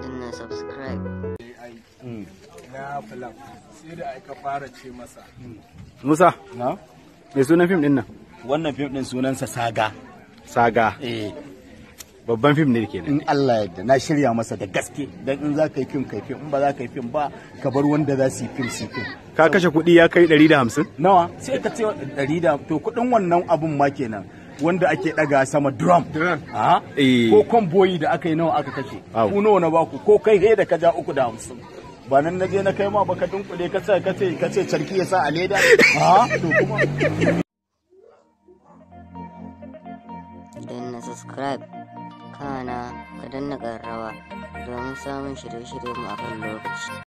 danna subscribe na hmm. film sai da fara ce masa hmm. musa na me sunan fim din nan wannan fim din sunansa saga saga eh. babban fim ne kenan in Allah yadda na shirya masa da gaske dan in za ka yi fim kai fim in ba za ka yi fim ba ka bar wanda za su yi fim su fim ka kashe kuɗi ya kai 150 nawa sai ka ce 100 to kuɗin wannan abun ma kenan wanda ake daga sama drum eh. ko kwamboyi da aka yi nawa aka kashe ku nawa na baku ko kai he da ka ja uku da hamsin ba nan na je na kai ma baka dunkule ka ce ka ce carki ya sa a leda ha to kuma don na subscribe kana ka danna garrawa domin samun shirye-shiryen mu akan lokaci